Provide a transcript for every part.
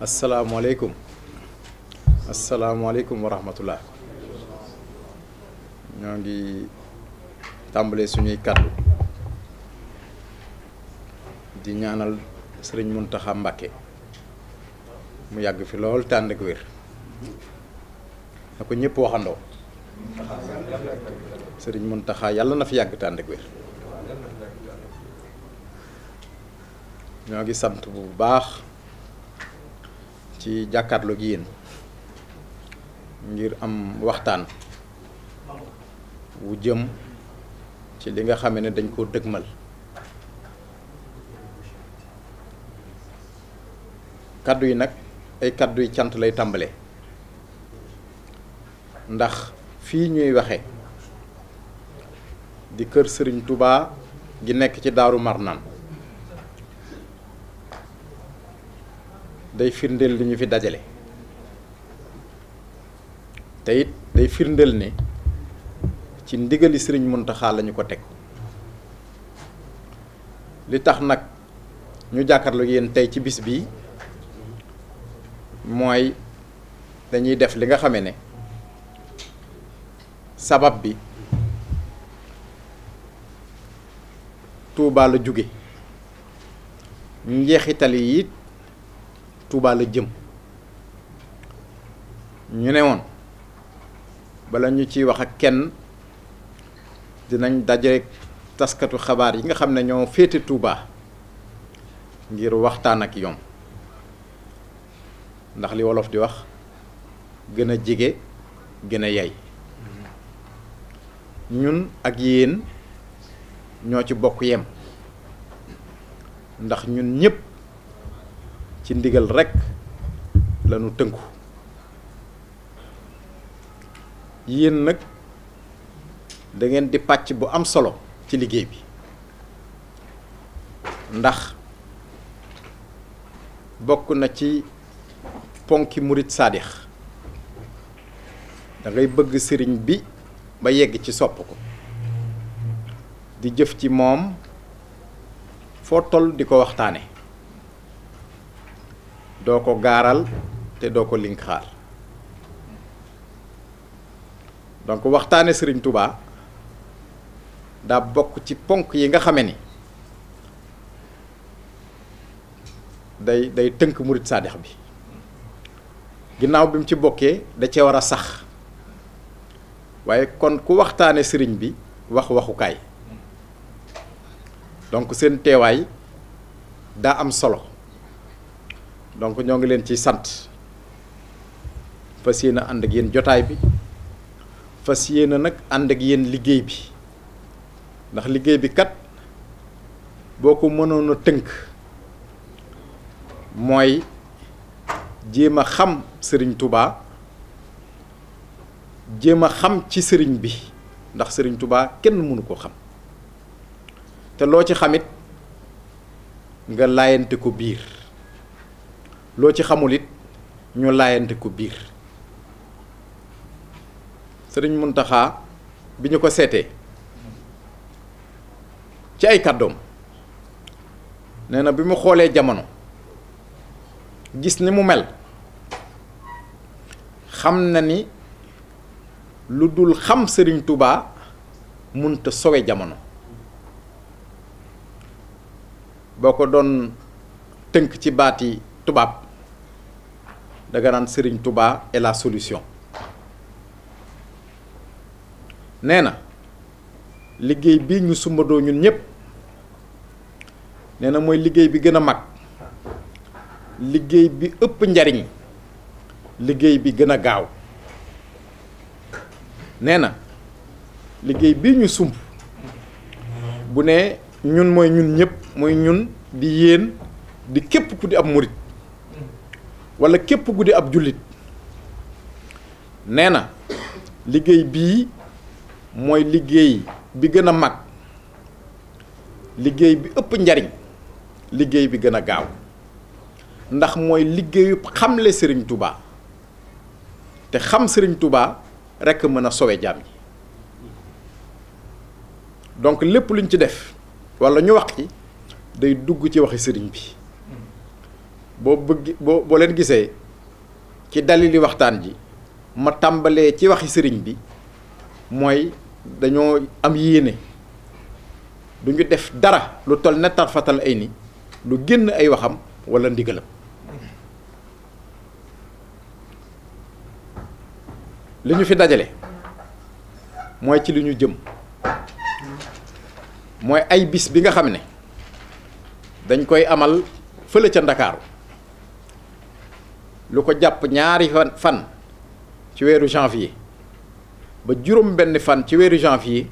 asalaamaaleykum asalaamaaleykum wa rahmatullah ñoo ngi tàmbale suñuy kàddu di ñaanal sëriñ Muntaxa Mbàkke mu yàgg fi lool tànn ak na ko ñëpp waxandoo sëriñ mun taxaa yàlla na fi yàgg tànn ñoo ngi sant bu baax ci jàkkaarloo gi yéen ngir am waxtaan wu jëm ci li nga xame ne dañ koo dëgmal kàddu yi nag ay kàddu yi cant lay tàmbale ndax fii ñuy waxe di kër sëriñ tubaa gi nekk ci Daaru Marnaan day firndeel li ñu fi dajale te it day firndeel ne ci ndigali sëriñ Muntaxa lañu ko teg li tax nag ñu jàkkaarloo yéen tey ci bis bi mooy dañuy def li nga xame ne sabab bi Tuubaa la jóge njeexital yi it Touba la jëm ñu ne woon bala ñu ci wax ak kenn dinañ daje taskatu xabaar yi nga xam ne ñoo féete Touba ngir waxtaan ak yom ndax li wolof di wax gën a jege gën a yay ñun ak yéen ñoo ci bokk yem ndax ñun ñëpp ci ndigal rekk lañu tënku yéen nag dangeen di pàcc bu am solo ci liggéey bi ndax bokk na ci ponki murit saadix da bëgg sëriñ bi ba yegg ci sopp ko di jëf ci moom foo toll di ko waxtaane doo ko gaaral te doo ko link xaar donc waxtaane Serigne Touba daa bokk ci ponk yi nga xame ni day day tënk murit saadix bi ginnaaw bi mu ci bokkee da cee war a sax waaye kon ku waxtaane sëriñ bi wax waxukaay donc seen teewaay daa am solo donc ñoo ngi leen ci sant fas yéene ànd ak yéen jotaay bi fas yéene nag ànd ak yéen liggéey bi ndax liggéey bi kat boo ko mënoon a tënk mooy jéem a xam sëriñ Touba jéem a xam ci sëriñ bi ndax sëriñ Touba kenn mënu ko xam te loo ci xamit nga laayante ko biir loo ci xamul it ñu laayante ko biir sëriñ Muntaxa bi ñu ko seetee ci ay kàddoom nee na bi mu xoolee jamono gis ni mu mel xam na ni lu dul xam sëriñ tubaa munta sowe jamono boo ko doon tënk ci baati tubaab da nga naan Serigne Touba est la solution nee na liggéey bii ñu sumbandoo ñun ñëpp nee na mooy liggéey bi gën a mag liggéey bi ëpp njariñ liggéey bi gën a gaaw nee na liggéey bi ñu sumb bu ne ñun mooy ñun ñëpp mooy ñun di yéen di képp ku di ab murit wala képp guddi ab jullit nee na liggéey bii mooy liggéey bi gën a mag liggéey bi ëpp njariñ liggéey bi gën a gaaw ndax mooy liggéeyu xamle sëriñ tubaa te xam sëriñ tubaa rekk mën a soowe jaam yi donc lépp luñ ci def wala ñu wax day dugg ci waxi sëriñ bi boo bëgg boo boo leen gisee ci dalili waxtaan ji ma tàmbalee ci waxi sëriñ bi mooy dañoo am yéene du ñu def dara lu toll ne tarfatal ay ni lu génn ay waxam walla ndigalam li ñu fi dajale mooy ci li ñu jëm mooy ay bis bi nga xam ne dañ koy amal fële ca Ndakaaru lu ko jàpp ñaari fan ci weeru janvier ba juróom benn fan ci weeru janvier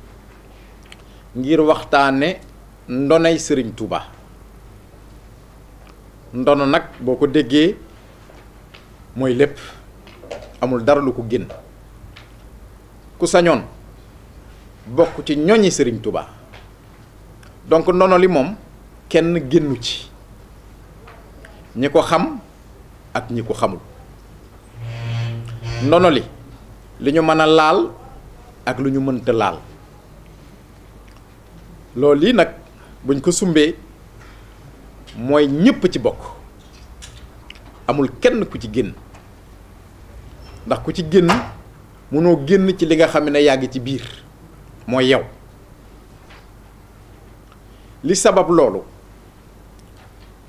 ngir waxtaane ndonay sëriñ Touba ndono nag boo ko déggee mooy lépp amul dara lu ko génn ku sañoon bokk ci ñoñi sëriñ Touba donc ndono li moom kenn génnu ci ñi ko xam ak ñi ko xamul ndono li li ñu mën a laal ak lu ñu mënta laal loolu lii nag buñ ko sumbee mooy ñépp ci bokk amul kenn ku ci génn ndax ku ci génn mënoo génn ci li nga xam ne yàgg ci biir mooy yow li sabab loolu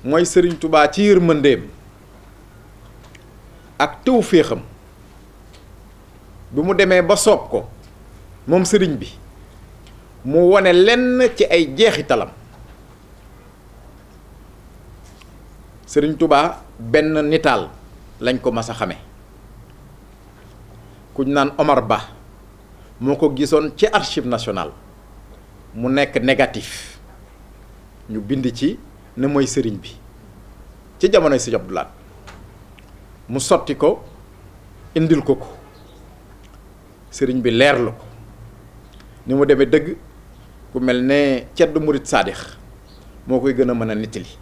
mooy Sëriñ Tubaa ci yërmandeem ak tëw féexam bi mu demee ba soob ko moom sëriñ bi mu wone lenn ci ay jeexitalam sëriñ tubaa benn nitaal lañ ko mas a xame kuñ naan Omar Ba moo ko gisoon ci archive nationale mu nekk négatif ñu bind ci ne mooy sëriñ bi ci jamonoy Sëriñ Abdou mu sotti ko indil ko ko sëriñ bi leerlu ko ni mu demee dëgg ku mel ne ceddu murit saadix moo koy gën a mën a nettali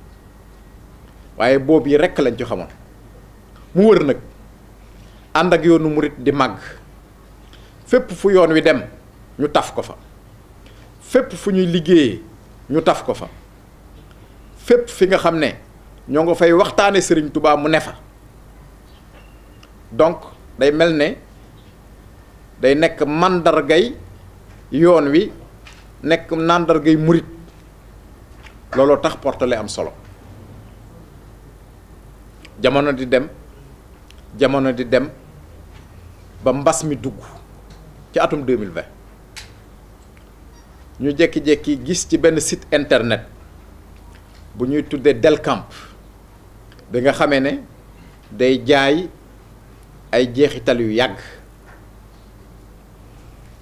waaye boobu yi rekk lañ ci xamoon mu wër nag ànd ak yoonu murit di màgg fépp fu yoon wi dem ñu taf ko fa fépp fu ñuy liggéeye ñu taf ko fa fépp fi nga xam ne ñoo nga fay waxtaane sëriñ tubaab mu ne fa donc day mel ne day nekk màndargay yoon wi nekk màndargay murit looloo tax portale am solo jamono di dem jamono di dem ba mbas mi dugg ci atum 2020 ñu jékki-jékki gis ci benn site internet bu ñuy tuddee Delcamp bi nga xamee ne day jaay ay jeexital yu yàgg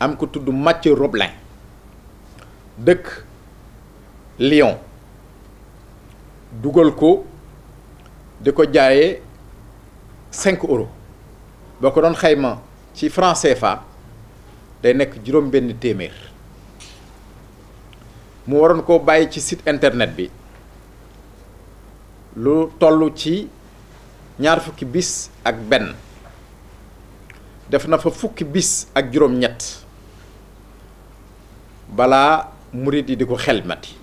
am ko tudd Mathieu Roblin dëkk Lyon dugal ko di ko jaaye cinq euros boo ko doon xayma ci franc CFA day nekk juróom benn téeméer mu waroon koo bàyyi ci sit internet bi lu tollu ci ñaar fukki ak benn def na fa fukki bis ak juróom-ñett balaa murit yi di ko xelmati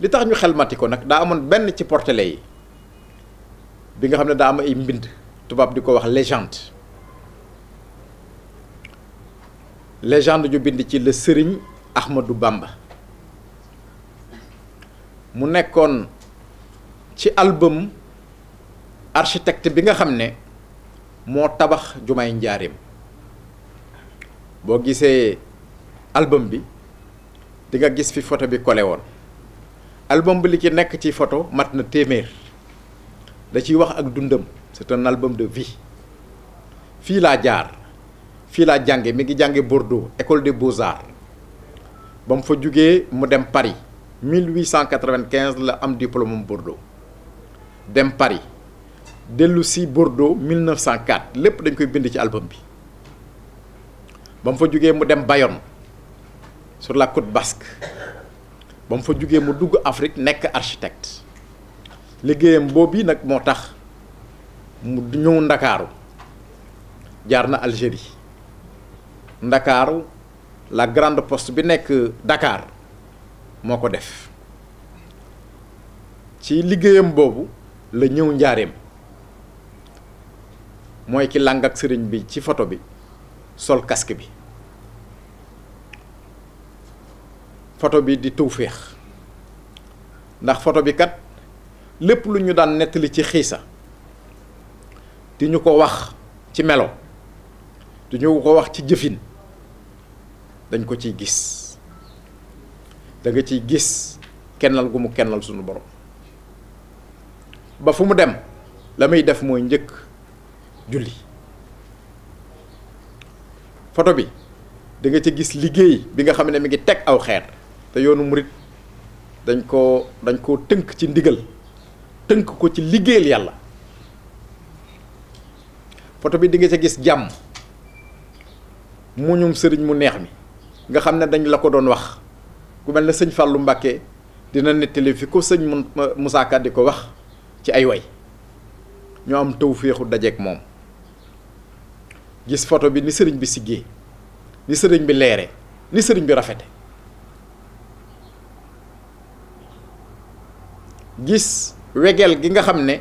li tax ñu xelmati ko nag daa amoon benn ci portele yi bi nga xam ne daa am ay mbind tubaab di ko wax légende légende ju bind ci la sëriñ Ahmadou Bamba mu nekkoon ci album architecte bi nga xam ne moo tabax jumaay njaareem boo gisee album bi dinga gis fi photo bi collé woon album bi li ci nekk ci photo mat na téeméer da ciy wax ak dundam c'est un album de vie fii laa jaar fii laa jànge mi ngi jànge Bordeaux école des beaux ba mu fa jugee mu dem Paris 1895 la am diplôme Bordeaux dem Paris dellu si Bordeaux 1904 lépp dañ koy bind ci album bi ba mu fa jógee mu dem bayon sur la côte basque ba mu fa jógee mu dugg Afrique nekk architecte liggéeyam boobu nag moo tax mu ñëw Ndakaaru jaar na Algérie Ndakaaru la grande post bi nekk Dakar moo ko def ci liggéeyam boobu la ñëw njaareem mooy ki làng ak sëriñ bi ci photo bi sol casque bi photo bi di tawféex ndax foto bi kat lépp lu ñu daan nettali ci xiisa di ñu ko wax ci melo di ñu ko wax ci jëfin dañ ko ciy gis danga nga ciy gis kennal gu mu kennal sunu borom ba fu mu dem la muy def mooy njëkk julli photo bi da nga ca gis liggéey bi nga xam ne mi ngi teg aw xeer te yoonu murit dañ koo dañ koo tënk ci ndigal tënk ko ci liggéeyal yàlla photo bi dinga ca gis jàmm muñum sëriñ mu neex mi nga xam ne dañ la ko doon wax ku mel ne sëñ Fallou Mbacké dina nettali fi ko sëñ Moussa di ko wax ci ay way ñoo am tawféexu dajeek moom gis photo bi ni bi siggee sëriñ bi leere ni sëriñ bi rafete gis wegeel gi nga xam ne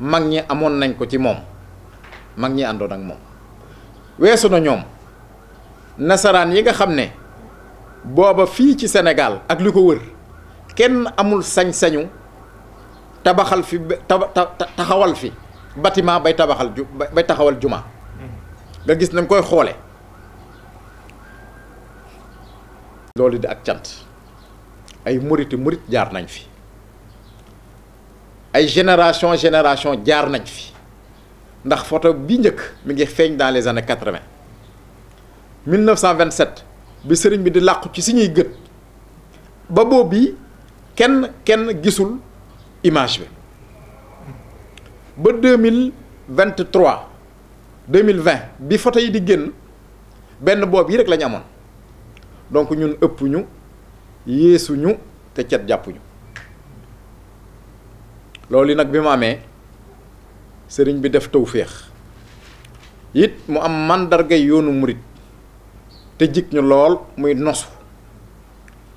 mag ñi amoon nañ ko ci moom mag ñi àndoon ak moom weesu na ñoom nasaraan yi nga xam ne booba fii ci senegaal ak li ko wër kenn amul sañ-sañu tabaxal fi taxawal fi bâtiment bay tabaxal ju bay taxawal juma nga gis nañ koy xoole loolu di ak cant ay muriti murit jaar nañ fi ay génération génération jaar nañ fi ndax foto bi njëkk mi ngi feeñ dans les années quatre-vingt 1927 bi sëriñ bi di làqu ci suñuy gët ba bi kenn kenn gisul image bi ba 2023 2020 bi foto yi di génn benn boobu yi rek la amoon donc ñun ëpp ñu yéesuñu te cet jàppuñu loolu yi nag bi mu amee sëriñ bi def féex it mu am màndarga yoonu murit te jig ñu lool muy nosu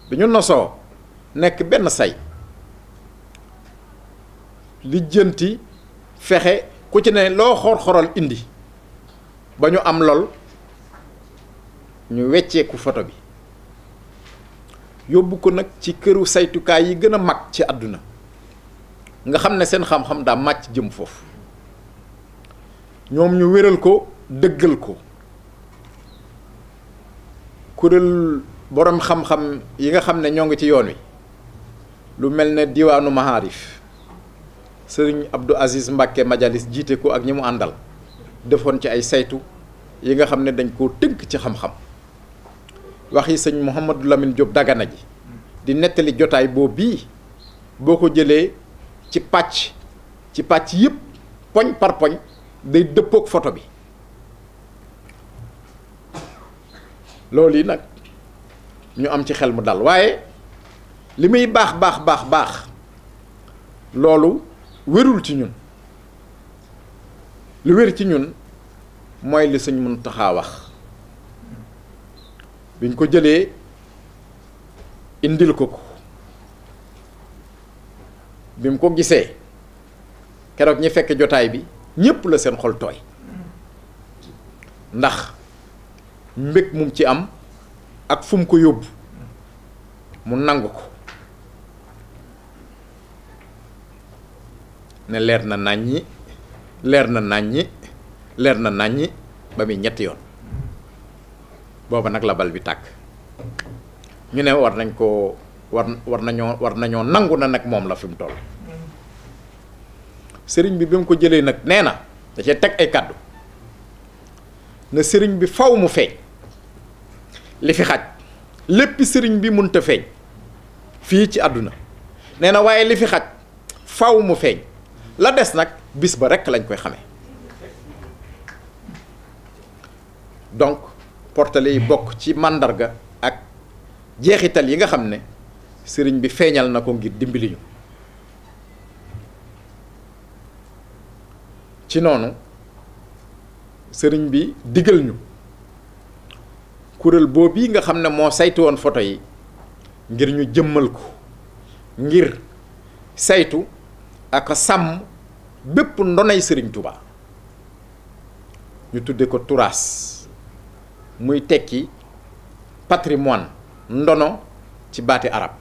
bi ñu nosoo nekk benn say lijjanti fexe ku ci ne loo xor-xoral indi ba ñu am lool ñu wecceeku photo bi yóbbu ko nag ci këru saytukaay yi gën a mag ci àdduna nga xam ne seen xam-xam daa màcc jëm foofu ñoom ñu wéral ko dëggal ko kuréel boroom xam-xam yi nga xam ne ñoo ngi ci yoon wi lu mel ne diwaanu maharif sëriñ Abdou Aziz Mbacke Majalis jiite ko ak ñi mu àndal defoon ci ay saytu yi nga xam ne dañ koo tënk ci xam-xam waxi sëñ Mouhamadou lamin Diop Dagana ji di nettali jotaay boobu bii boo ko jëlee ci pàcc ci pàcc yëpp poñ par poñ day dëppook photo bi lool yi nag ñu am ci xel mu dal waaye li muy baax baax baax baax loolu wérul ci ñun lu wér ci ñun mooy li sëñ Muntaxa wax biñ ko jëlee indil ko ko bi mu ko gisee keroog ñi fekk jotaay bi ñépp la seen xol tooy ndax mbég mum ci am ak fum ko yóbbu mu nangu ko ne leer na nàññi leer na nàññi leer na nàññi ba muy ñetti yoon booba nag la bal bi tàkk ñu ne war nañ koo war war nañoo war nañoo nangu na nag moom la fi mu toll sëriñ bi bi mu ko jëlee nag nee na da teg ay kàddu na sëriñ bi faw mu feeñ li fi xaj lépp sëriñ bi munta feeñ fii ci àdduna nee na waaye li fi xaj faw mu feeñ la des nag bis ba rekk lañ koy xamee donc portale yi bokk ci màndarga ak jeexital yi nga xam ne sëriñ bi feeñal na ko ngir dimbali ñu ci noonu sëriñ bi digal ñu kuréel boobu yi nga xam ne moo saytu woon foto yi ngir ñu jëmmal ko ngir saytu aka sàmm bépp ndonay sëriñ Touba ñu tudde ko turaas muy tekki patrimoine ndono ci baati arab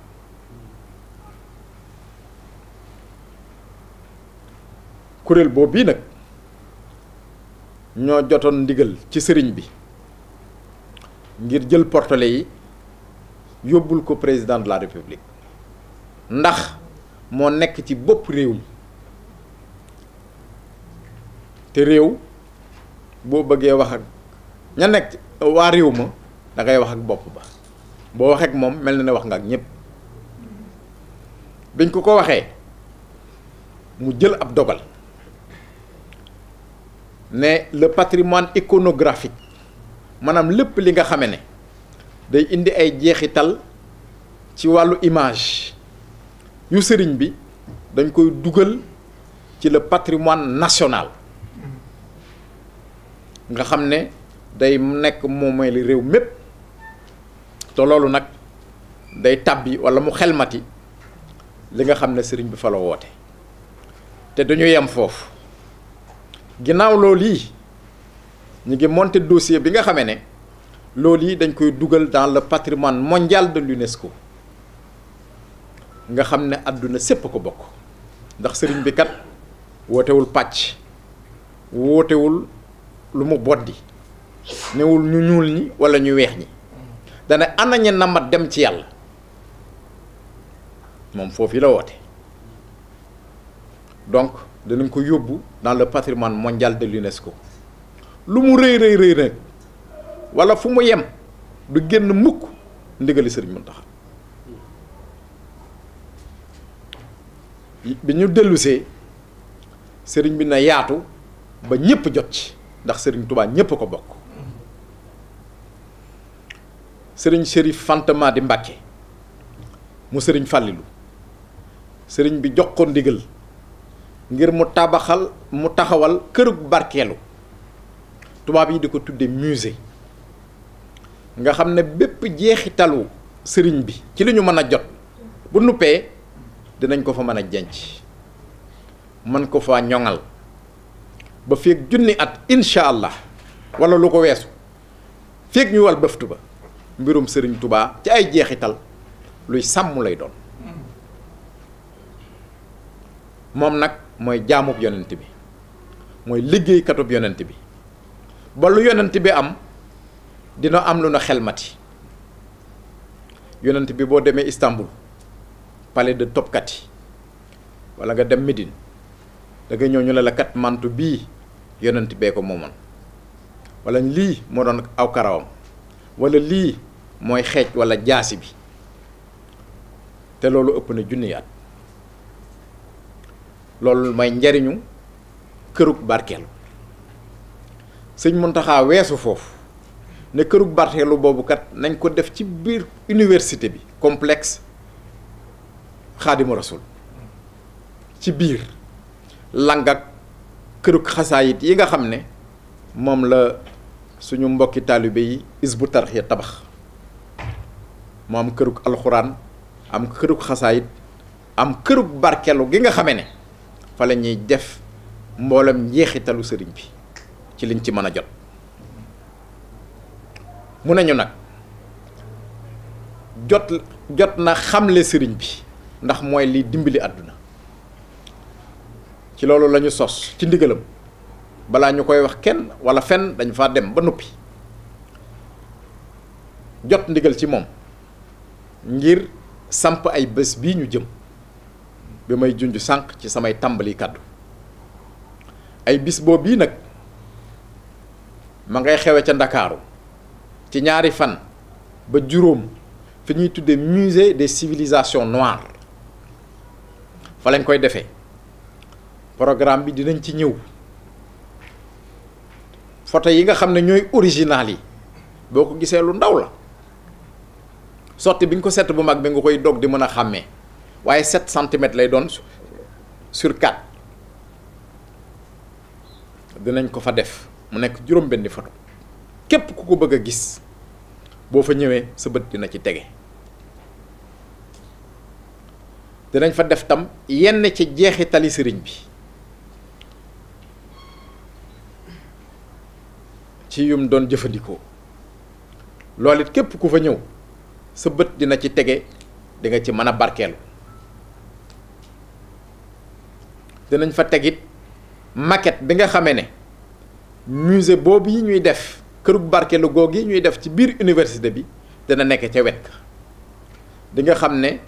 kuréel boobu bii nag ñoo jotoon ndigal ci sëriñ bi ngir jël portale yi yóbbul ko président de la république ndax moo nekk ci bopp réew mi te réew boo bëggee wax ak ña nekk waa réew ma da ngay wax ak bopp ba boo waxee ak moom mel na ne wax nga ak ñëpp biñ ko ko waxee mu jël ab dogal ne le patrimoine iconographique maanaam lépp li nga xame ne day indi ay jeexital ci wàllu image yu sëriñ bi dañ koy dugal ci le patrimoine national nga xam ne day nekk moomeelu réew mépp te loolu nag day tàbbi wala mu xelmati li nga xam ne sëriñ bi fa la woote te duñu yem foofu ginnaaw loolu yi ñu ngi monter dossier bi nga xamee ne loolu yi dañ koy dugal dans le patrimoine mondial de l'UNESCO nga xam ne àdduna sépp ko bokk ndax sëriñ bi kat wootewul pàcc wootewul lu mu boddi newul ñu ñuul ñi wala ñu weex ñi dana ana ñi dem ci yàlla moom foofu la woote donc danañ ko yóbbu dans le patrimoine mondial de l'UNESCO lu mu rëy rëy rëy nag wala fu mu yem du génn mukk ndigali sëriñ Muntaxa bi ñu dellusee sëriñ bi na yaatu ba ñépp jot ci ndax sëriñ Touba ñépp ko bokk sëriñ Chérif Fantama di Mbàkke mu sëriñ Fàllilu sëriñ bi jox ko ndigal ngir mu tabaxal mu taxawal kërug barkeelu tubaab yi di ko tudde musée nga xam ne bépp jeexi jeexitalu sëriñ bi ci li ñu mën a jot bu nuppee dinañ ko fa mën a jenc mën ko fa ñoŋal ba feeg junni at incha allah wala lu ko weesu feeg ñu wal bëftu ba mbirum sëriñ tubaa ci ay jeexital luy sàmm lay doon moom nag mooy jaamub yonent bi mooy liggéeykatub yonent bi ba lu yonent bi am dina am lu na xelmati yonent bi boo demee Istanbul palais de Topkati wala nga dem Médine da ñëw ñu ne la kat mantu bii yonant bee ko moomoon wala lii moo doon aw karawam wala lii mooy xeej wala jaasi bi te loolu ëpp na junniyaat at loolu mooy njariñu kërug barkeelu sëñ taxaa weesu foofu ne kërug barkeelu boobukat nañ ko def ci biir uniwersité bi complex Xaadimu Rasul ci biir langak këruk xasaayit yi nga xam ne moom la suñu mbokki taalibe yi isbu tarxiya tabax mu am këruk alxuraan am këruk xasaayit am këruk barkelu gi nga xame ne fa la ñuy def mboolem njeexitalu sëriñ bi ci liñ ci mën a jot mu nañu nag jot jot na xamle sëriñ bi ndax mooy liy dimbali àdduna ci loolu lañu sos ci ndigalam balaa ñu koy wax kenn walla fenn dañu fa dem ba noppi jot ndigal ci moom ngir samp ay bés bii ñu jëm bi may junj sànq ci samay tàmbali kàddu ay bis boo bii nag ma ngay xewe ca ndakaaru ci ñaari fan ba juróom fi ñuy tuddee musée des civilisations noires fa lañ koy defee programme bi dinañ ci ñëw foto yi nga xam ne ñooy original yi boo ko gisee lu ndaw la sotti bi nga ko set bu mag bi nga koy dog di mën a xàmmee waaye sept centimètres lay doon sur quatre dinañ ko fa def mu nekk juróom benni photo képp ku ko bëgg a gis boo fa ñëwee sa bët dina ci tege dinañ fa def tam yenn ci jeexitali sëriñ bi ci yum doon jëfandikoo loolu it képp ku fa ñëw sa bët dina ci tege di ci mën a barkeelu dinañ fa teg it maquette bi nga xamee ne muse boobu yi ñuy def kërug barkeelu googu yi ñuy def ci biir université bi dina nekk ca wet di nga xam ne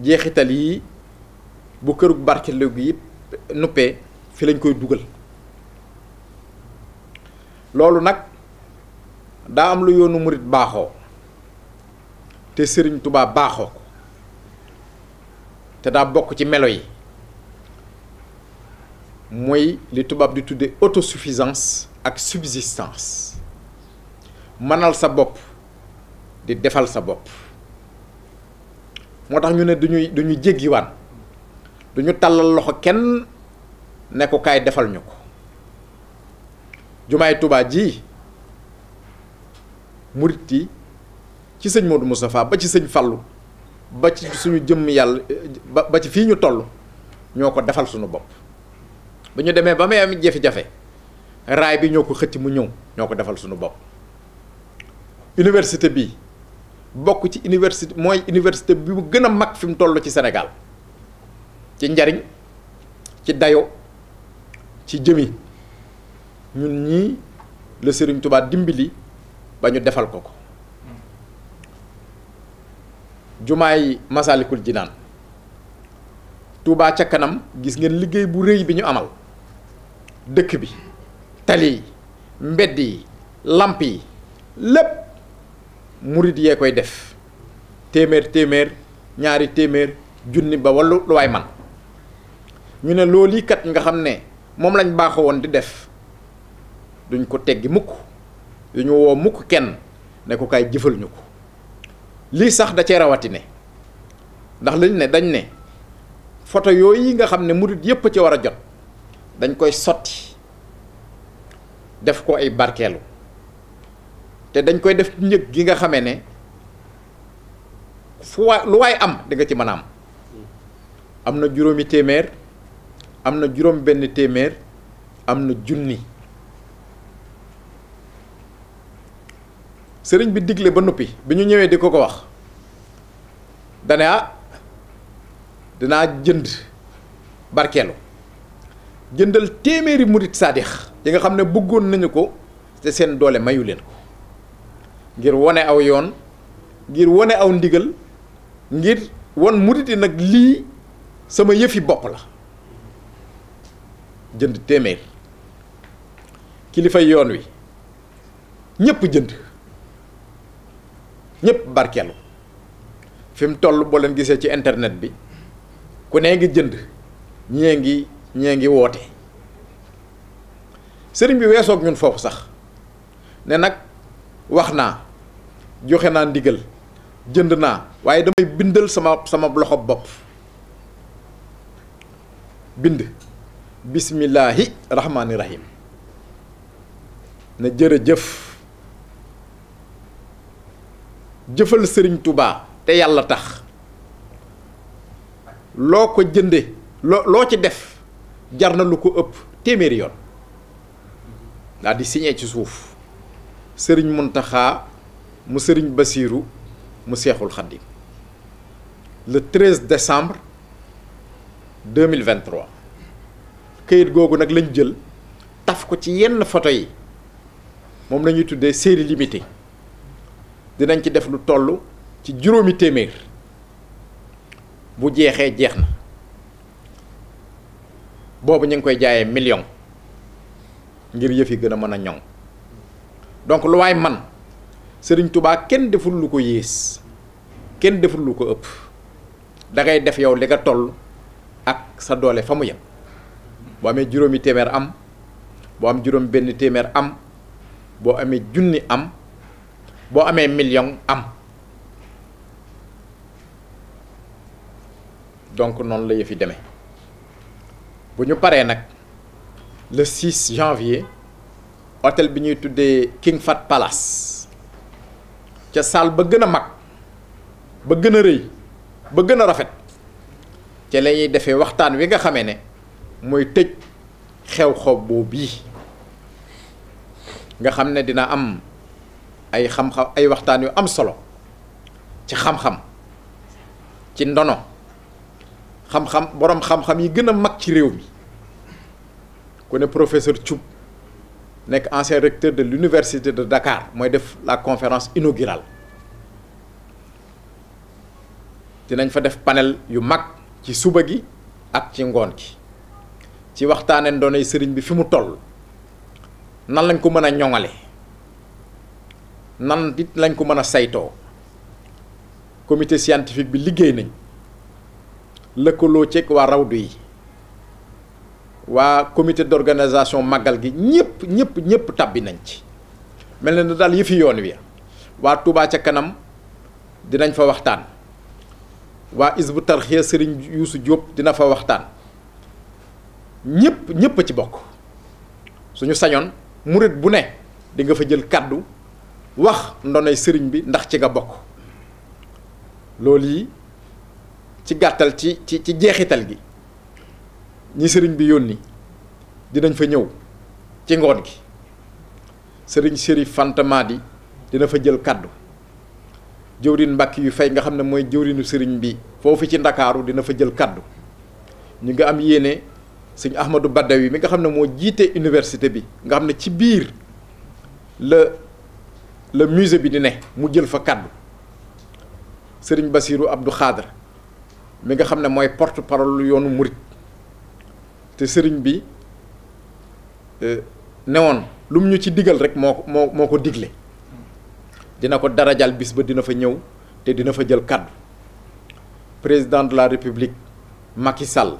jeexital yi bu kërug barkeelu gi nuppee fi lañ koy dugal loolu nag daa am lu yoonu murit baaxoo te sëriñ tubaab baaxoo ko te daa bokk ci melo yi mooy li tubaab di tudde autosuffisance ak subsistance mënal sa bopp di defal sa bopp moo tax ñu ne duñuy duñu jéggiwaan duñu tàllal loxo kenn nekkukaay ko defal ñu ko jumaay tubaa ji murit yi ci sëñ Modou mustafaa ba ci sëñ Fallu ba ci suñu jëmm yàlla ba ci fii ñu toll ñoo ko defal suñu bopp ba ñu demee ba may am jafe-jafe raay bi ñoo ko xëcc mu ñëw ñoo ko defal suñu bopp université bi bokk ci université mooy université bi mu gën a mag fi mu toll ci senegal ci njariñ ci dayo ci jëmi ñun ñii la Serigne Touba dimbali ba ñu defal ko ko jumaa jumaay Masalikul Jinaan Touba ca kanam gis ngeen liggéey bu rëy bi ñu amal dëkk bi tali yi mbedd yi lamp yi lépp murit yee koy def téeméer téeméer ñaari téeméer junni ba wala lu waay man ñu ne loolu kat nga xam ne moom lañ baaxoo woon di def duñ ko teggi mukk duñu woo mukk kenn ne ko kaay jëfal ñu ko lii sax da cee rawatine ndax liñ ne dañ ne photo yooyu nga xam ne mu murit yépp ci war a jot dañ koy sotti def ko ay barkeelu te dañ koy def njëg gi nga xamee ne fu waay lu waay am di ci mën a am am na juróomi téeméer am na juróom benn téeméer am na junni sëriñ bi digle ba noppi bi ñu ñëwee di ko ko wax dane ah dinaa jënd barkeelu jëndal téeméeri murit saadix yi nga xam ne bëggoon nañu ko te seen doole mayu leen ko ngir wone aw yoon ngir wane aw ndigal ngir won murit nag lii sama yëfi bopp la jënd téeméer kilifa yoon wi ñépp jënd ñépp barkeelu fi mu toll boo leen gisee ci internet bi ku nee ngi jënd ñee ngi ñee ngi woote sëriñ bi weesoog ñun foofu sax ne nag wax naa joxe naa ndigal jënd naa waaye damay bindal sama sama loxo bopp bind bismillaahi rahmaani rahim na jërëjëf jëfal sëriñ tubaa te yàlla tax loo ko jënde loo ci def jar na lu ko ëpp téeméeri yoon daal di signé ci suuf sëriñ Muntaxa mu sëriñ Basiiru mu seexul Xaddim le 13 décembre 2023 këyit googu nag lañ jël taf ko ci yenn photo yi moom la ñuy tuddee série limitée dinañ ci def lu toll ci juróomi téeméer bu jeexee jeex na boobu ñu ngi koy jaayee million ngir yëf yi gën a mën a ñoŋ donc lu waaye man Sëriñ Tubaa kenn deful lu ko yées kenn deful lu ko ëpp da ngay def yow li nga toll ak sa doole fa mu yem boo amee juróomi téeméer am boo am juróom benn téeméer am boo amee junni am boo amee million am donc noonu la yëf yi demee bu ñu paree nag le 6 janvier hôtel bi ñuy tuddee King Fat Palace ca salle ba gën a mag ba gën a rëy ba gën a rafet ca la ñuy defee waxtaan wi nga xamee ne mooy tëj xew xew boobu bii nga xam ne dina am ay xam-xam ay waxtaan yu am solo ci xam-xam ci ndono xam-xam boroom xam-xam yi gën a mag ci réew mi ku ne professeur Thioub nekk ancien recteur de l'université de Dakar mooy def la conférence inaugurale dinañ fa def panel yu mag ci suba gi ak ci ngoon gi ci waxtaane ndonoy sëriñ bi fi mu toll nan lañ ko mën a ñoŋale nan dit lañ ko mën a saytoo comité scientifique bi liggéey nañ lëkkaloo ceeg waa rawdu yi waa comité d'organisation màggal gi ñëpp ñëpp ñëpp tàbbi nañ ci mel na ne daal yëfi yoon wi waa tubaa ca kanam dinañ fa waxtaan waa Hizbut Tarqiyyah sëriñ Youssou Diop dina fa waxtaan ñëpp ñëpp ci bokk suñu sañoon murit bu ne di nga fa jël kàddu wax ndonay sëriñ bi ndax ci nga bokk loolu yi ci gàttal ci ci ci jeexital gi ñi sëriñ bi yónni dinañ fa ñëw ci ngoon gi sëriñ Chérif Fanta Madi dina fa jël kàddu jëwrin mbàkk yu fay nga xam ne mooy jëwrinu sëriñ bi foofu ci ndakaaru dina fa jël kàddu ñu ngi am yéene sëñ Ahmadou Badawi mi nga xam ne moo jiite université bi nga xam ne ci biir la le musée bi di ne mu jël fa kàddu sëriñ Bassirou Abdou Khadre mi nga xam ne mooy porte parole yoonu murit te sëriñ bi euh, newoon lu mu ñu ci digal rek moo moo moo ko digle dina ko darajal bis ba dina fa ñëw te dina fa jël kàddu président de la république Macky Sall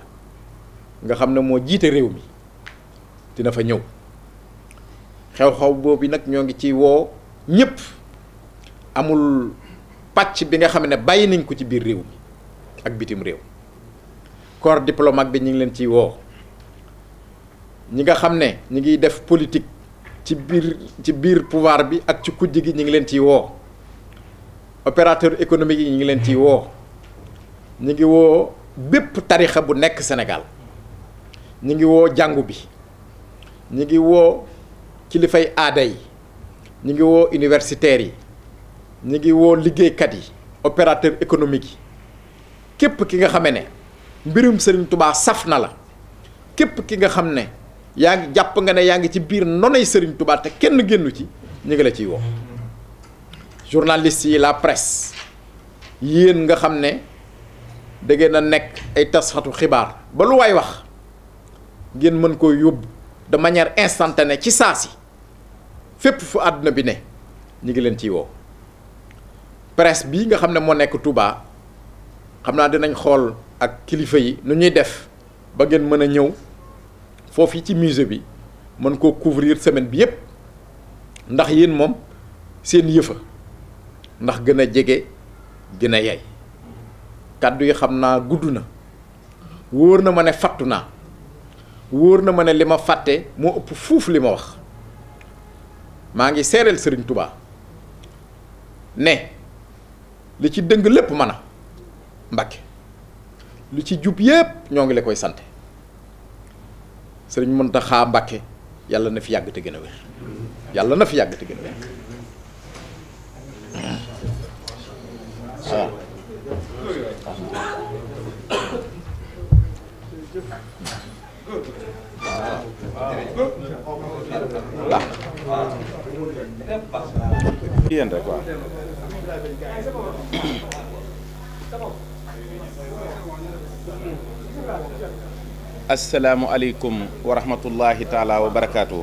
nga xam ne moo jiite réew mi dina fa ñëw xew-xew boobu nag ñoo ngi ci woo. ñëpp amul pàcc bi nga xam ne bàyyi nañ ko ci biir réew mi ak bitim réew corps diplomatique bi ñu ngi leen ciy woo ñi nga xam ne ñu ngi def politique ci biir ci biir pouvoir bi ak ci kujj gi ñu ngi leen ciy woo opérateur économique yi ñu ngi leen ciy woo ñu ngi woo bépp tarixa bu nekk Sénégal ñu ngi woo jàngu bi ñu ngi woo kilifay aada yi ñu ngi woo universitaires yi ñu ngi woo liggéeykat yi opérateur économique yi képp ki nga xame ne mbirum Serigne Touba saf na la képp ki nga xam ne yaa jàpp nga ne yaa ngi ci biir nonay Serigne Touba te kenn génnu ci ñu ngi la ciy woo journalistes yi la presse yéen nga xam ne da ngeen a nekk ay tasxatu xibaar ba waay wax ngeen mën koo yóbbu de manière ci saa si fépp fu àdduna bi ne ñu ngi leen ciy woo presse bii nga xam ne moo nekk tubaa xam naa dinañ xool ak kilifa yi nu ñuy def ba ngeen mën a ñëw foofu yi ci musée bi mën koo couvrir semaine bi yépp ndax yéen moom seen yëfa ndax gën a jege gën a yay kàddu yi xam naa gudd na wóor na ma ne fàttu naa wóor na ma ne li ma fàtte moo ëpp fuuf li ma wax maa ngi seereel sëriñ tubaa ne li ci dëng lépp mana a Mbàkke lu ci jub yépp ñoo ngi la koy sante Serigne Mountakha Mbàkke yàlla na fi yàgg te gën a wér yàlla na fi yàgg te gën a wér yéen rek waaw. asalaamualeykum wa rahmatullahi taala wa barakaatu.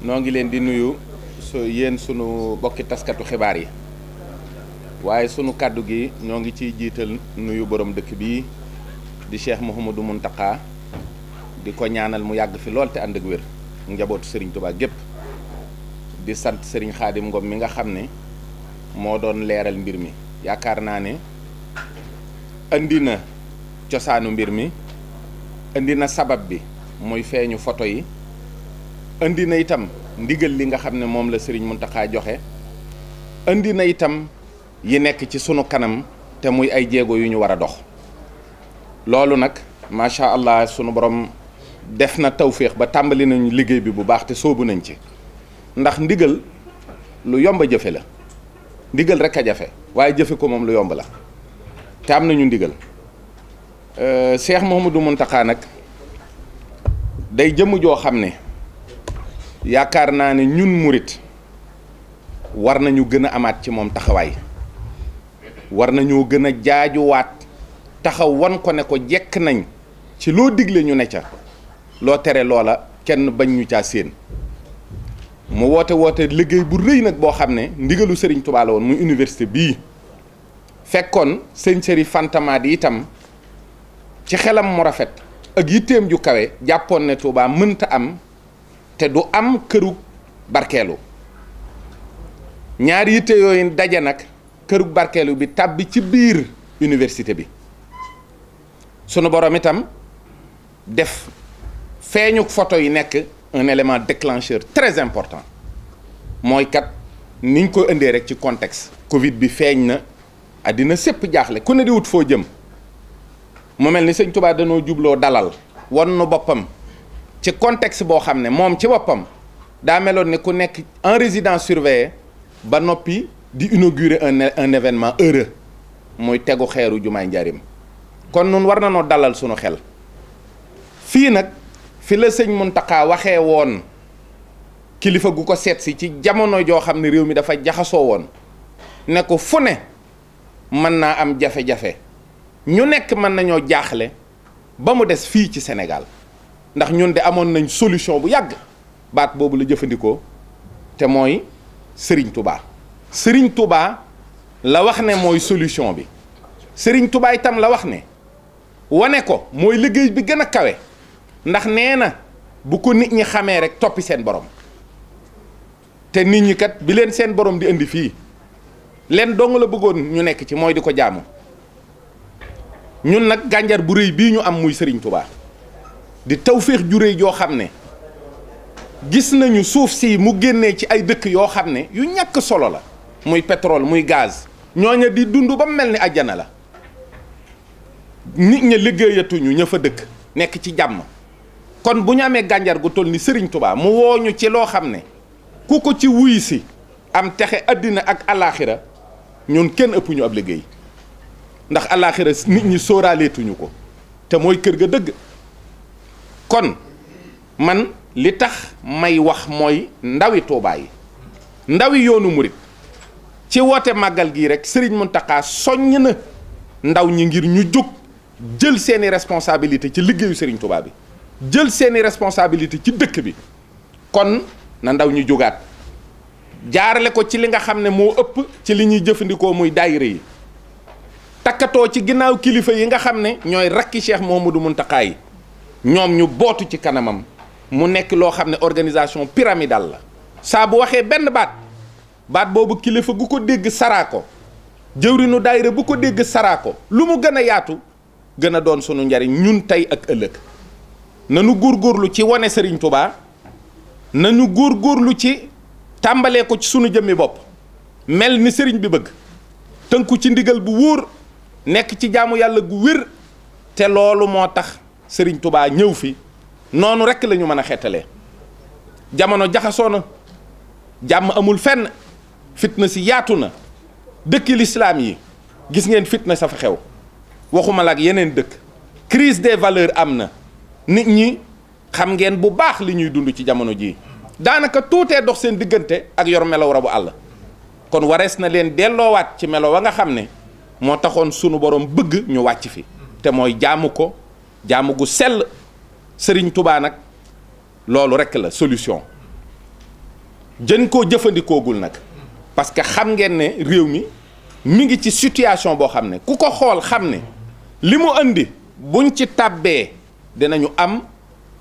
noo ngi leen di nuyu su yéen sunu bokki taskatu xibaar yi waaye sunu kàddu gi ñoo ngi ciy jiital nuyu boroom dëkk bi di cheikh Mouhamadou Mountakha di ko ñaanal mu yàgg fi lool te ànd ak wér njabootu sëriñ tubaa gépp di sant Serigne Khadim Ngom mi nga xam ne moo doon leeral mbir mi yaakaar naa ne indi na cosaanu mbir mi indi na sabab bi muy feeñu foto yi indi na itam ndigal li nga xam ne moom la Serigne Mountakha joxe indi na itam yi nekk ci sunu kanam te muy ay jéego yu ñu war a dox loolu nag macha allah sunu borom def na tawféex ba tàmbali nañu liggéey bi bu baax te sóobu nañ ci. ndax ndigal lu yomb a jëfe la ndigal rek a jafe waaye jëfe ko moom lu yomb la te am nañu ndigal euh, Cheikh Mouhamadou Mountakha nag day jëmm joo xam ne yaakaar naa ne ñun murit war nañu gën a amaat ci moom taxawaay war nañoo gën a jaajuwaat taxaw wan ko ne ko jekk nañ ci loo digle ñu ne ca loo tere loola kenn bañ ñu caa séen mu woote woote liggéey bu rëy nag boo xam ne ndigalu Serigne Touba la woon muy université bii fekkoon sëñ Serif di itam ci xelam mu rafet ak yitteem ju kawe jàppoon ne Touba mënta am te du am kërug barkeelu ñaari yitte yooyu daje nag kërug barkeelu bi tàbbi ci biir université bi sunu boroom itam def feeñu photo yi nekk. un élément déclencheur très important mooy kat niñ ñu ko indee rek ci contexte. Covid bi feeñ na addina sépp jaaxle ku ne di wut foo jëm mu mel ni sëñ Tuubaa danoo jubloo dalal wan nu boppam ci contexte boo xam ne moom ci boppam daa meloon ne ku nekk en résidence surveillée ba noppi di inaugurer un un événement heureux muy tegu xeeru jumaay njarim kon nun war na noo dalal sunu xel fii nag. fi la sëñ Muntaxa waxee woon kilifa gu ko seetsi ci jamono joo xam ne réew mi dafa jaxasoo woon ne ko fu ne mën naa am jafe-jafe ñu nekk mën nañoo jaaxle ba mu des fii ci senegal ndax ñun de amoon nañ solution bu yàgg baat boobu la jëfandikoo te mooy sëriñ tubaa sëriñ Touba la wax ne mooy solution bi sëriñ tubaa itam la wax ne wane ko mooy liggéey bi gën a kawe. ndax nee na bu ko nit ñi xamee rek toppi seen borom te nit ñi kat bi leen seen borom di indi fii leen dong la bëggoon ñu nekk ci mooy di ko jaamu ñun nag gànjar bu rëy bii ñu am muy Serigne Touba di tawféex ju réy joo xam ne gis nañu suuf si mu génnee ci ay dëkk yoo xam ne yu ñàkk solo la muy pétrole muy gaz ñooña di dund ba mel ni jana la nit ña liggéeyatuñu ña fa dëkk nekk ci jàmm kon bu ñu amee gànjar gu toll ni Serigne Touba mu wooñu ci loo xam ne ku ko ci wuy si am texe àddina ak alaaxira ñun kenn ëppuñu ñu ab liggéey ndax alaaxira nit ñi sóoraaleetuñu ko te mooy kër ga dëgg kon man li tax may wax mooy ndawi Touba yi ndawi yoonu murit ci woote màggal gii rek Serigne Mountakha soññ na ndaw ñi ngir ñu jóg jël seeni responsabilité ci liggéeyu sëriñ tubaab bi jël seeni responsabilité ci dëkk bi kon na ndaw ñu jógaat jaarale ko ci li nga xam ne moo ëpp ci li ñuy jëfandikoo muy daayira yi takkatoo ci ginnaaw kilifa yi nga xam ne ñooy rakki Cheikh Mouhamadou Mountakha yi ñoom ñu bootu ci kanamam mu nekk loo xam ne organisation pyramidale la saa bu waxee benn baat baat boobu kilifa gu ko dégg saraako ko jëwrinu daayira bu ko dégg saraako lu mu gën a yaatu gën a doon sunu njariñ ñun tey ak ëllëg nanu góorgóorlu ci wane Serigne Touba nañu góorgóorlu ci tàmbalee ko ci sunu jëmmi bopp mel ni sëriñ bi bëgg tënku ci ndigal bu wóor nekk ci jaamu yàlla gu wér te loolu moo tax sëriñ Touba ñëw fi noonu rek lañu mën a xettalee jamono jaxasoo na jàmm amul fenn fitna si yaatu na dëkki lislaam yi gis ngeen fitna sa fa xew waxuma la yeneen dëkk crise de valeur am na. nit ñi xam ngeen bu baax li ñuy dund ci jamono jii daanaka tuutee dox seen diggante ak yor melaw rabu àll kon warees na leen delloowaat ci melo wa nga xam ne moo taxoon sunu borom bëgg ñu wàcc fi te mooy jaamu ko jaamu gu sell sëriñ tubaa nag loolu rekk la solution jën koo jëfandikoogul nag parce que xam ngeen ne réew mi mu ngi ci situation boo xam ne ku ko xool xam ne li mu indi buñ ci tàbbee dinañu am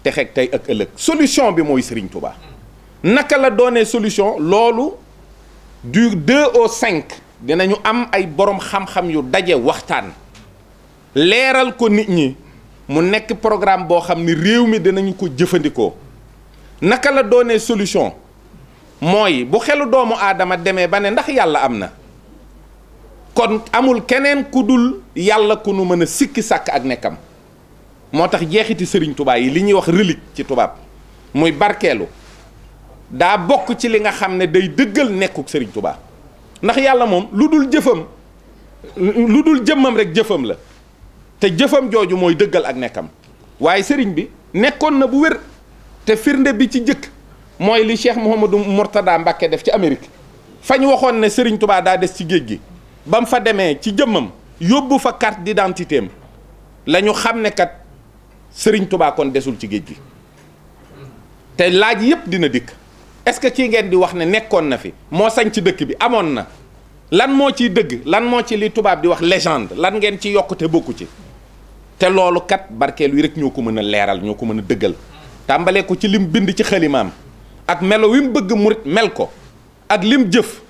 te xeeg tey ak ëllëg solution bi mooy Serigne ba naka la doonee solution loolu du 2 au 5 dinañu am ay borom xam-xam yu daje waxtaan leeral ko nit ñi mu nekk programme boo xam ni réew mi dinañu ko jëfandikoo naka la doonee solution mooy bu xelu doomu aadama demee ba ne ndax yàlla am na kon amul keneen ku dul yàlla ku nu mën a sikki sàkk ak nekkam. moo tax jeexiti sëriñ tubaa yi li ñuy wax relique ci tubaab muy barkeelu daa bokk ci li nga xam ne day dëggal nekkuk sëriñ tubaa ndax yàlla moom lu dul jëfam lu dul jëmmam rek jëfam la te jëfam jooju mooy dëggal ak nekkam waaye sëriñ bi nekkoon na bu wér te firnde bi ci jëkk mooy li Cheikh Mouhamadou Mourtada Mbacké def ci Amérique fañ waxoon ne sëriñ tubaa daa des ci géej gi ba mu fa demee ci jëmmam yóbbu fa carte di am la ñu xam ne kat sëriñ Tuubaa kon desul ci géej gi te laaj yépp dina dikk est-ce que kii ngeen di wax ne nekkoon na fi moo sañ ci dëkk bi amoon na lan moo ciy dëgg lan moo ci li tubaab di wax légende lan ngeen ci yokkute bokku ci te loolu kat barkeel wi rek ñoo ko mën a leeral ñoo ko mën a dëggal tàmbalee ko ci lim bind ci xalimaam ak melo wi mu bëgg murit mel ko ak lim jëf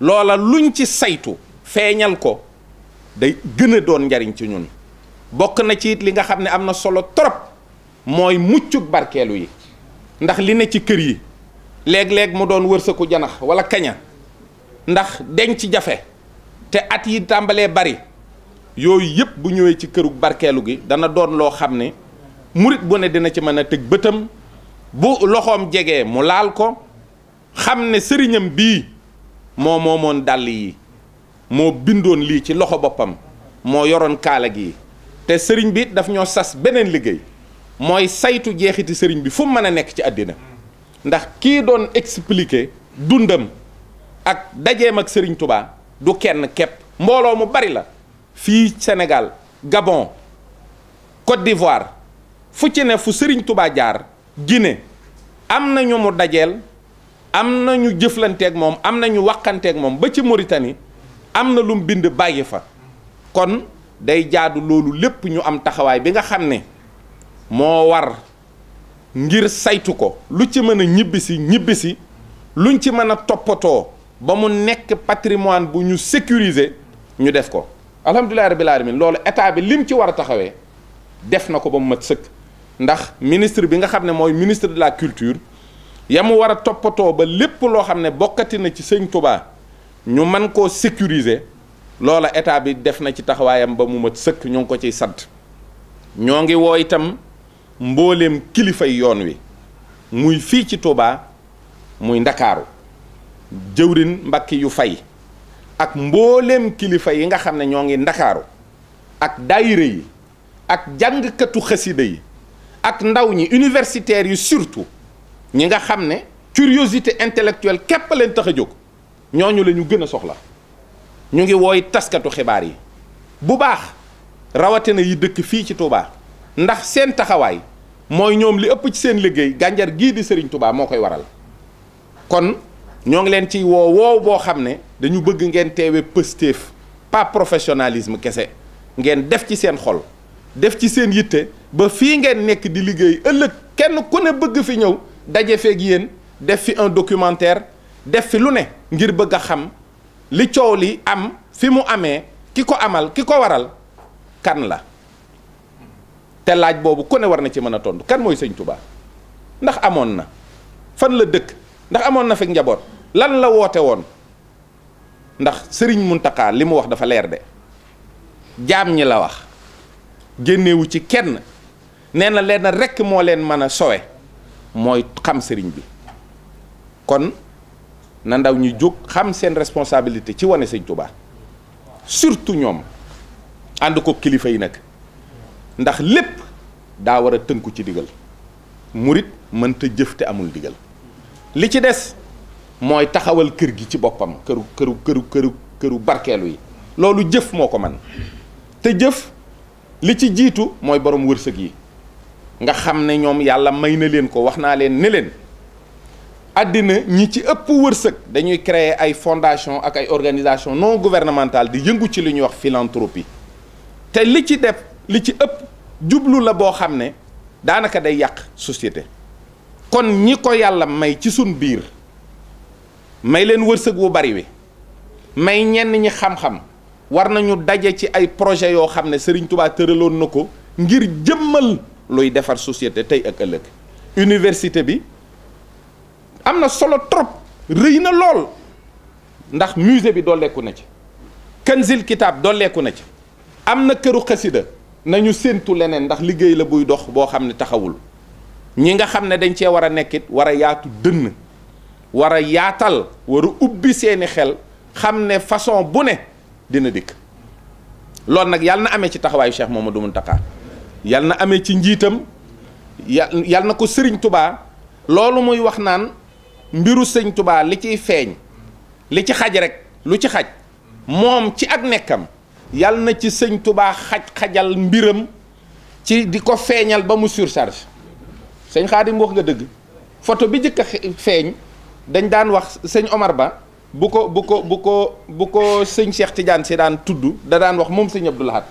loola luñ ci saytu feeñal ko day gën a doon njariñ ci ñun bokk na ci it li nga xam ne am na solo trop mooy muccug barkeelu yi ndax li ne ci kër yi léeg-léeg mu doon wërsëku janax wala kaña ndax ci jafe te at yi tàmbalee bari yooyu yëpp bu ñëwee ci kërug barkeelu gi dana doon loo xam ne murit bu ne dina ci mën a tëg bëtam bu loxoom jegee mu laal ko xam ne sëriñam bii moo moomoon dàll yi moo bindoon lii ci loxo boppam moo yoroon kaala gi te sëriñ bi daf ñoo sas beneen liggéey mooy saytu jeexiti sëriñ bi fu mën a nekk ci àddina ndax kii doon expliquer dundam ak dajeem ak sëriñ tubaa du kenn képp mbooloo mu bari la fii senegal Gabon Côte d'Ivoire fu ci ne fu sëriñ tubaa jaar Guinée am na ñu mu dajeel am na ñu jëflanteeg moom am na ñu waxanteeg moom ba ci moritani am na lu mu bind bàyyi fa kon day jaadu loolu lépp ñu am taxawaay bi nga xam ne moo war ngir saytu ko lu ci mën a ñibbisi ñibbisi luñ ci mën a toppatoo ba mu nekk patrimoine bu ñu sécuriser ñu def ko alhamdulilah rabbil alamin loolu état bi lim ci war a taxawee def na ko ba mu mat sëkk ndax ministre bi nga xam ne mooy ministre de la culture ya mu war a toppatoo ba lépp loo xam ne bokkati na ci sëñ Tuubaa ñu mën koo sécuriser loola état bi def na ci taxawaayam ba mu mat sëkk ñu ngi ko ciy sant ñoo ngi woo itam mbooleem kilifay yoon wi muy fii ci Touba muy Ndakaaru jëwrin mbakki yu fay ak mbooleem kilifa yi nga xam ne ñoo ngi Ndakaaru ak daayira yi ak jàngkatu xasida yi ak ndaw ñi universitaires yi surtout ñi nga xam ne curiosité intellectuelle képp leen tax a jóg ñooñu la ñu gën a soxla ñu ngi wooy taskatu xibaar yi bu baax rawatina yi dëkk fii ci Touba ndax seen taxawaay mooy ñoom li ëpp ci seen liggéey gànjar gii di Serigne Touba moo koy waral kon ñoo ngi leen ci woo woow boo xam ne dañu bëgg ngeen teewe pëstéef pa professionnalisme kese ngeen def ci seen xol def ci seen yitte ba fii ngeen nekk di liggéey ëllëg kenn ku ne bëgg fi ñëw daje feeg yéen def fi un documentaire def fi lu ne ngir bëgg a xam li coow li am fi mu amee ki ko amal ki ko waral kan la te laaj boobu ku ne war na ci mën a tontu kan mooy sëñ Touba ndax amoon na fan la dëkk ndax amoon na fekk njaboot lan la woote woon ndax sëriñ Mountakha li mu wax dafa leer de jaam ñi la wax génnewu ci kenn nee na leen rekk moo leen mën a sowe mooy xam sëriñ bi kon na ndaw ñi jóg xam seen responsabilité ci wane sëñ Touba surtout ñoom ànd ko kilifa yi nag ndax lépp daa war a tënku ci digal murit mënta jëf te amul digal li ci des mooy taxawal kër gi ci boppam këru këru këru këru këru barkeelu yi loolu jëf moo ko man te jëf li ci jiitu mooy borom wërsëg yi nga xam ne ñoom yàlla may na leen ko wax naa leen ni leen àddina ñi ci ëpp wërsëg dañuy créer ay fondation ak ay organisation non gouvernementale di yëngu ci li ñuy wax philanthropie te li ci def li ci ëpp jublu la boo xam ne daanaka day yàq société kon ñi ko yàlla may ci sun biir may leen wërsëg wu bari wi may ñenn ñi xam-xam war nañu daje ci ay projet yoo xam ne Serigne Touba tëraloon na ko ngir jëmmal luy defar société tey ak ëllëg université bi am na solo trop rëy na lool ndax musée bi dolleeku na ci kanzil kitaab dolleeku na ci am na këru xasida nañu séentu leneen ndax liggéey la buy dox boo xam ne taxawul ñi nga xam ne dañ cee war a nekkit war a yaatu dënn war a yaatal war ubbi seeni xel xam ne façon bu ne dina dikk loolu nag yàlla na amee ci taxawaayu Cheikh Mamadou Mountakha yàlla na amee ci njiitam yàlla na ko sëriñ Touba loolu muy wax naan mbiru sëñ tubaa li ciy feeñ li ci xaj rek lu ci xaj moom ci ak nekkam yàlla na ci sëñ tubaa xaj-xajal mbiram ci di ko feeñal ba mu surcharge sëñ xaadim wax nga dëgg photo bi jëkk feeñ dañ daan wax sëñ Omar Ba bu ko bu ko bu ko bu ko sëñ Cheikh Tidiane si daan tudd da daan wax moom sëñ Abdoul Ahad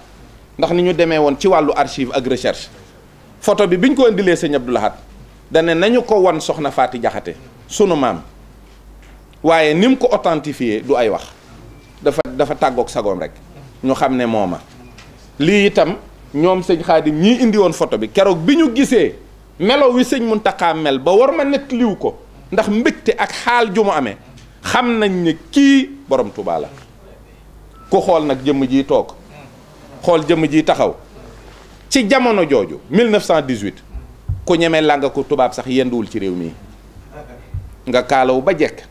ndax ni ñu demee woon ci wàllu archive ak recherche photo bi bi ñu ko indilee sëñ Abdoul Ahad dane nañu ko won soxna Faati Jaxate sunu maam waaye ni mu ko authentifié du ay wax dafa dafa tàggoog sagoom rek ñu xam ne mooma lii itam ñoom sëñ xaadim ñii indi woon photo bi keroog bi ñu gisee melo wi sëñ Muntaxa mel ba war ma nett liw ko ndax mbégte ak xaal ju mu amee xam nañ ni kii borom Tuubaa ku xool nag jëmm ji toog xool jëmm ji taxaw ci jamono jooju 1918 ku ñeme làng ko tubaab sax yenduwul ci réew mi. nga kaalawu ba jekk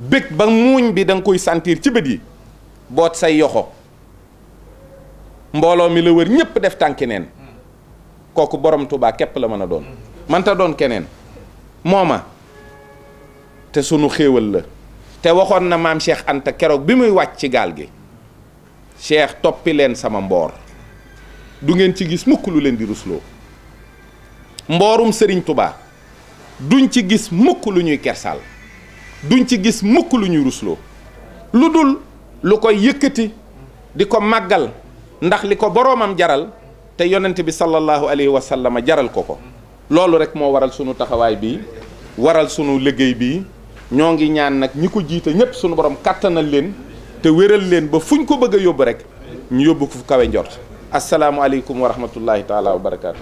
bëgg ba muuñ bi danga koy santiir ci bët yi boot say yoxo mbooloo mi la wër ñépp def tànki neen kooku boroom tubaa képp la mën a doon manta doon keneen mooma te sunu xéewal la te waxoon na maam Cheikh Anta keroog bi muy wàcc ci gaal gi Cheikh toppi leen sama mboor du ngeen ci gis mukk lu leen di rusloo mboorum Sëriñ tubaa duñ ci gis mukk lu ñuy kersaal duñ ci gis mukk lu ñuy rusloo lu dul lu koy yëkkati di ko màggal ndax li ko boroomam jaral te yonent bi sallallahu alayhi wa sallam jaral ko ko loolu rek moo waral sunu taxawaay bi waral sunu liggéey bi ñoo ngi ñaan nag ñi ko jiite ñépp sunu borom kàttanal leen te wéral leen ba fu fuñ ko bëgg a yóbbu rek ñu yóbbu ko fu kawe njort asalaamualeykum wa rahmatullahi taala wa barakaatu.